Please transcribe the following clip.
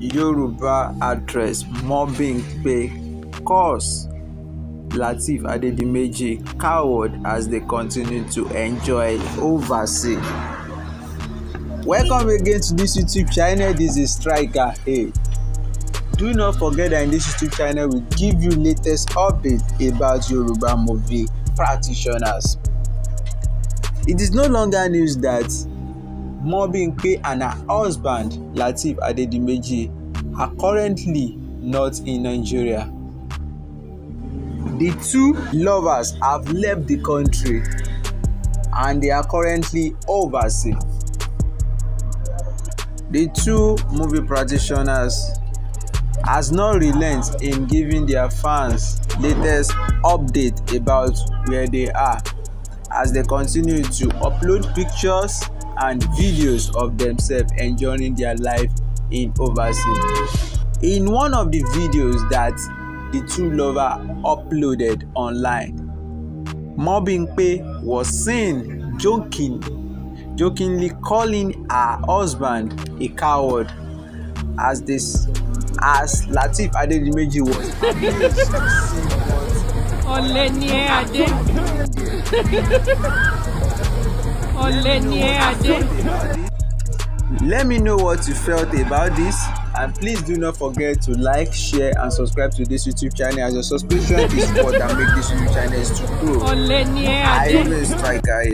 yorùbá actress mobimpe qós lateef adédìméjì cowed as they continue to enjoy overseas. welcome again to this youtube channel this is striker hey do not forget that in this youtube channel we give you latest updates about yoruba movie practitioners it is no longer news that Mobimpe and her husband Lateef Adedimeji are currently not in Nigeria. The two lovers have left the country and they are currently overseas. The two movie practitioners has not relent in giving their fans latest update about where they are as they continue to upload pictures and videos of themselves enjoying their life in overseas. In one of the videos that the two lovers uploaded online, Mobimpe was seen joking, jokingly calling her husband a coward as this as Latif Adedimeji was. Olè ni ẹ Adé. Let me know what you felt about this and please do not forget to like, share and subscribe to this YouTube channel as your subscription is what that make this YouTube channel to grow. I always try guys.